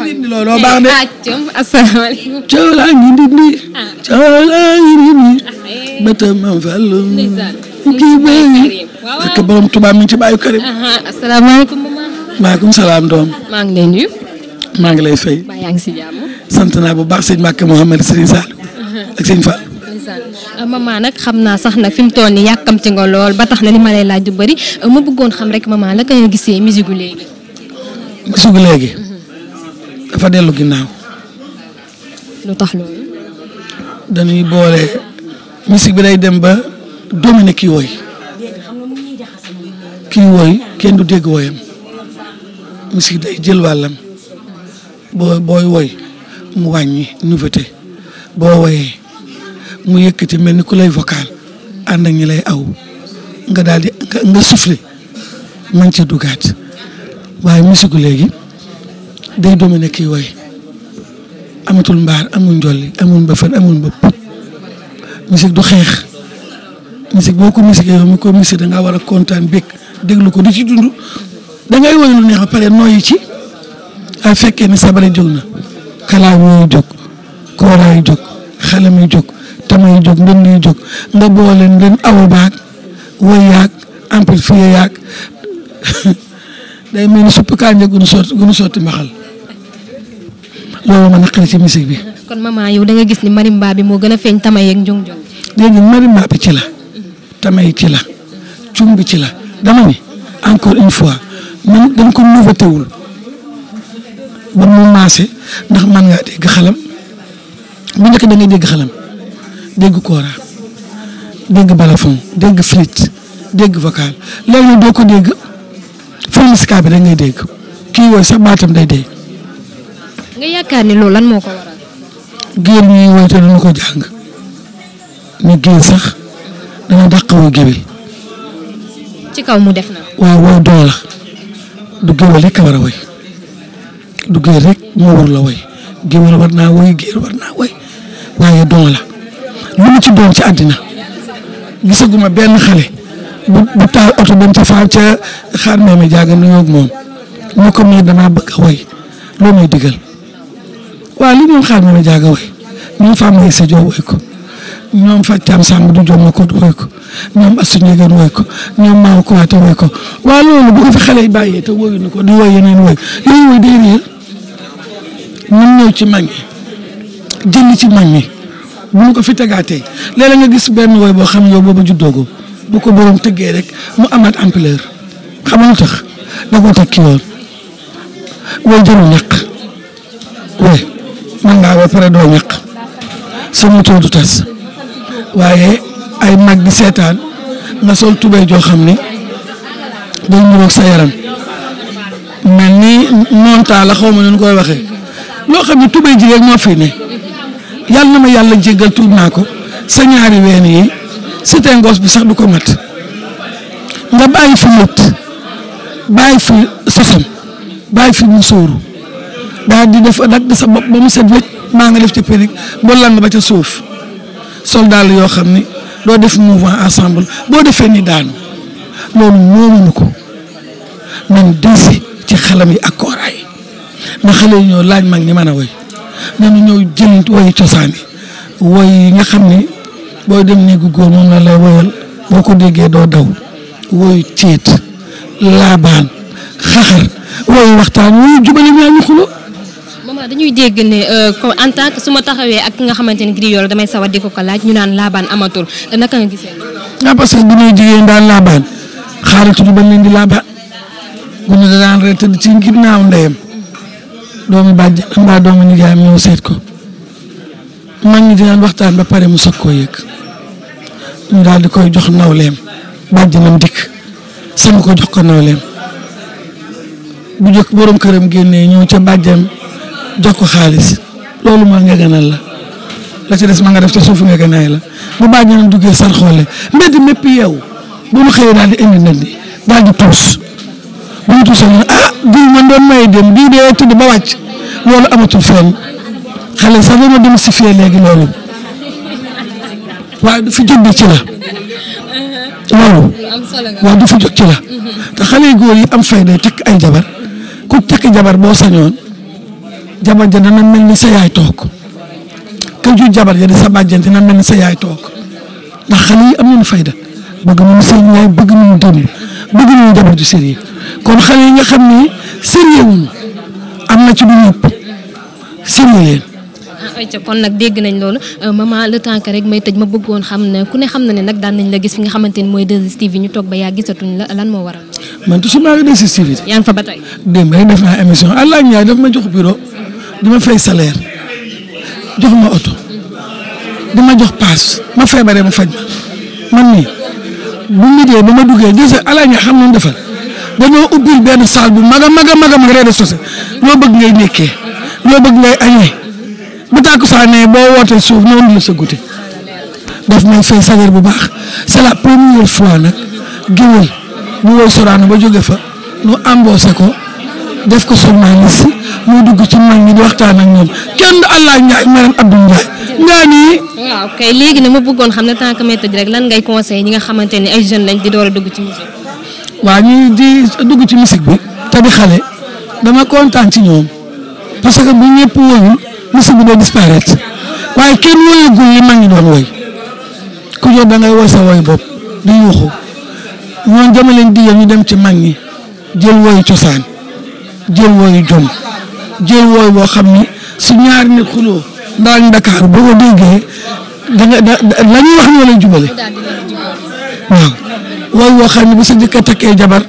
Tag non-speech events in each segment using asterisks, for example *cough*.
looloo baax de. Ah, asalaamaaleykum. Cawla ngi dindi. Ah. Cawla ngi dindi. bëtam man fàllu. kii doom. maa ngi lay nuyu. maa ngi lay fay. ba yaa ngi si jàmm. sant naa bu baax sëñ Màkka Mouhamed Serigne nag xam naa sax na fi mu toll nii ci nga lool ba tax na li ma lay laaj du bëri ah, ma bëggoon xam rek maman la ka nga gisee musique léegi. dafa dellu ginnaaw. lu tax loolu. dañuy boole musique bi day dem ba dominer kii wooy kii wooy kenn du dégg wooyam musique day jël wàllam boo booy wooy mu wàññi nouveauté boo wooyee mu yëkkati mel ni ku lay vocal ànd ak ñi lay aw nga daal di nga soufflé man ca dugaat waaye musique léegi. day domine kii woy amatul mbaar amul njolli amul mbëfën amul mbëpp musique du xeex musique boo ko musique yow mi ko musique da ngaa war a kontaan bég déglu ko di ci dund da ngay woy lu neex ba pare nooyi ci ay fekkee ni ne sabare jóg na kalaam yooyu jóg kooraay jóg xalam yi jóg tamay jóg ndënd yi jóg nga boole ndën awu baag woy yaag amplifié yaag *laughs* day mel ni supp kaa njëg gu nu sotti gu nu sotti mbaxal loolu ma naqari ci musique bi. kon maman yow da nga gis ni mari marimba bi moo gën a feeñ tamay ak njong njong. léegi marimba bi ci la. tamay ci la. cung bi ci la dama ni encore une fois man ndax man ngaa dégg xalam bu njëkk da ngay dégg xalam dégg kora dégg balafon dégg flûte dégg vocal léegi nag doo ko dégg foliska bi da ngay dégg kii wooy sax baatam day dee nga yaakaar ni loolu lan moo ko ko jàng ñu géwél sax dana dàq woo géwél. ci kaw mu def na. waaw wooy doole la du géwél rek a waaye doole la lu mu ci doon ci àddina gisaguma benn xale bu bu taal oto dem ca faam ca xaar meeme jaaga nuyoo ak moom ñu ko mii danaa bëgg a woy loo may digal. waaw li ñoom xaar mën a jaaga way ñoom Fama Issa Diop way ko ñoom Fatou Samb du Diop ma ko way ko ñoom Assou Ndiégane way ko ñoom Maama Kouate way ko waaw loolu bu fi xale yi bàyyee te woyuñu ko di woy yeneen way yooyu way day réer ñun ci mag ñi ci mag ñi bu ko fi tegaatee léeg-léeg nga gis benn woy boo xam yow boobu juddoogu bu ko borom rek mu amaat ampleur xam nga lu tax da koo tekki woon way jarul ñàkk way mën naa doo ñaq sama tóodu tas waaye ay mag di seetaan nga sol tubéy joo xam ni day muroog sa yaram mel ni montaa la ma nu koy waxee loo xam ne tubéy ji rek moo fi ne na ma yàlla jéggal tuub naa ko sa ñaari ween yi sitengoos bi sax du ko mat nga bàyyi fi yët bàyyi fi sosam bàyyi fi musóoru daal di def dagg sa bopp ba mu set maa nga def ci périg ba lang ba ca suuf sol daal yoo xam ni doo def mouvement ensemble boo defee ni daanu loolu moomuñu ko nañ desi ci xalam yi ak kooraay yi na xale yi laaj mag ñi mën a woy nañu ñëw jël woy cosaan yi woy nga xam ni booy dem néegu góor moom la lay woyal boo ko déggee doo daw woy ceet laabaan xaxar woy waxtaan woy jubale ñaa ñu xulo souvent euh, dañuy dégg ne euh, en tant que su ma taxawee ak ki nga xamante ni Gris Yoro damay sawar di ko laaj ñu naan laabaan amatul euh, naka nga gisee. ah parce que bu ñuy jigéen daan laabaan xaaratuñu bañ leen di laabaan bu ñu daan rek tëdd ci ginnaaw ndeyam doomu bàjj mbaa waxtaan ba pare mu soog koo yëg ñu koy jox nawleem dikk sën ko jox ko nawleem bu njëkk borom këram génnee ñëw ca bàjjan. jox ko xaalis loolu maa nga la la ci des ma nga def ca suufu nga gënaay la bu baax ñu duggee sar xoole mbedd mépp yeew bu mu xëyee daal di indi ndandi daal di tuus bu ah, ba wàcc loolu amatul fenn xale sax dama dem si fee léegi loolu waaye du fi jóg ci la loolu waaw du fi jóg ci la te xale yu góor yi am fay day tekk ay jabar ku takk jabar boo sañoon jabar ja dana mel ni sa yaay toog ka ju jabar ja di sa bàjjen dina mel ni sa yaay toog ndax xale yi am nañu fayda bëgg nañu seen yaay bëgg nañu démb bëgg nañu jabar ju sérieux kon xale yi nga xam ni sérieux wuñu am na ci du ñëpp sérieux leen ayca ah, kon nag dégg nañ loolu euh, maman le temps que rek may tëj ma bëggoon xam ne ku ne xam na ne nag daan nañ la gis fi nga xamante ni mooy 2STV ñu toog ba yaa gisatuñ la lan moo waral. man toujours maa ngi 2STV. yaa ngi fa ba tey. démb rek def naa émission allah ak ñaar daf ma jox bureau. di ma fay salaire jox ma oto di ma jox paas ma feebaree ma faj ma man nii bu mu dee ba ma duggee gis nga ala ña xam nañ defal dañoo ubbil benn saal bu mag a mag a mag a mag rez-de-chaussée loo bëgg ngay nekkee loo bëgg ngay añee bu tàkkusaanee boo woote suuf noonu la sa guddi daf may fay salaire bu baax c'est la première fois nag géwél ñu woy Sorano ba jóge fa ñu embauché ko. des ko journaliste muy dugg ci mag di waxtaan ak ñoom kenn du allah Ndiaye maanaam Abdou Ndiaye. ngaa nii. waaw kay léegi nag ma bëggoon xam ne tant que may tëj rek lan ngay conseil ñi nga xamante ne ay jeunes lañ di door a dugg ci musique. waaw di dugg ci musique bi. te di xale kontaan ci ñoom parce que bu ñëpp woyul musique bi day waaye kenn woyagul li mag ñi doon woy ku jot da ngay woy sa woy bopp di yuuxu ñoom jëmale leen di ñu dem ci mag ñi jël woyu cosaan. jël wooyu jom jël wooyu boo xam ni su ñaari nit xuloo ndaañ Dakar boo ko déggee da nga da la ñuy wax ñoo lay jubale waaw wooyu boo xam ne bu sa jëkkër takkee jabar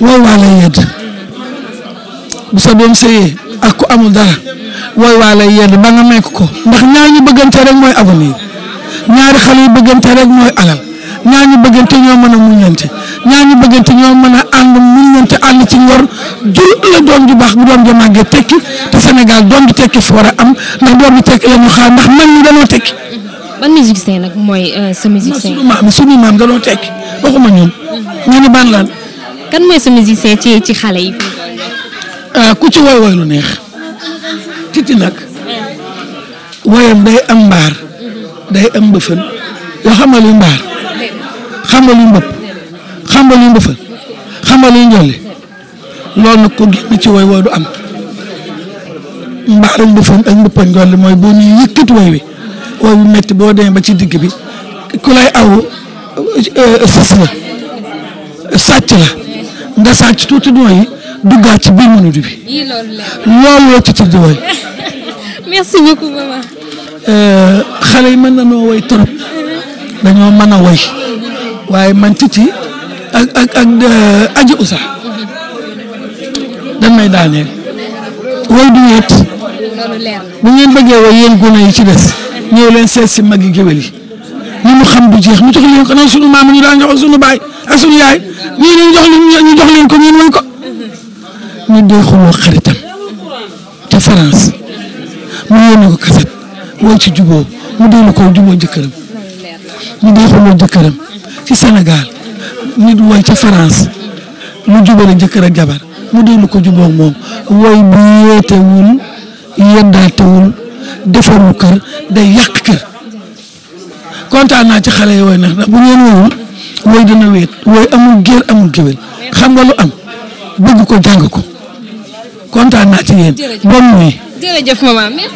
wooy waa lay yedd bu sa doom sëyee ak ku amul dara wooy waa lay yedd ba nga ko ko ndax ñaar ñu bëggante rek mooy avenir ñaari xale yu bëggante rek mooy alal ñaar ñu bëggante ñoo mën mu muñante ñaar ñu bëggante ñoo mën a ànd mun ngeen ci ànd ci ngor jur la doom ju baax bu doom ja màggee tekki te Sénégal doom ju tekki fi war a am ndax doom ju tekki la ñu xaar ndax man ñi danoo tekki. ban musicien nag mooy euh, sa musicien. sunu maam sunu maam danoo tekki ban laan. kan mooy sa musicien ci ci xale yi. Euh, ku ci woy woy lu neex. titi nag. woyam day am mbaar. day am bëfën yoo xam nga luy mbaar. xam nga luy mbëpp. xam nga luy xam nga luy njolli loolu na ko génn ci woy woo du am mbaaru mbëfal ak mbëppal mooy boo ñuy yëkkati way wi way wi metti boo demee ba ci digg bi ku aw euh, fës la la nga sàcc tuuti nooyi duggaat ci biir mënudu bi loolu la ci ci di way *laughs* merci beaucoup maman euh, xale yi mën na noo way trop dañoo mën a way waaye man titi ak ak ak eh, aji usa dan may daaneel way du ñeet bu ngeen bëggee way yéen gone yi ci des ñëw leen seet si mag yi géwél yi li mu xam du jeex ñu jox leen ko noonu sunu maam ñu daan jox sunu baay ak sunu yaay ñii ñu jox leen ñu jox leen ko ñun dee xuloo xaritam te France mu yónni ko kaset way ci juboo mu dee ko juboo jëkkëram ñu dee xuloo jëkkëram ci Sénégal nit woy ca France mu jubale jëkkër ak jabar mu dellu ko jubóog moom woy bu yeetewul yeddaatewul defaru kër day yàq kër kontaan naa ci xale yi woy ndax bu ngeen woyul woy dina weet woy amul géer amul géwél xam nga lu am bëgg ko jàng ko kontaan naa ci yéen bon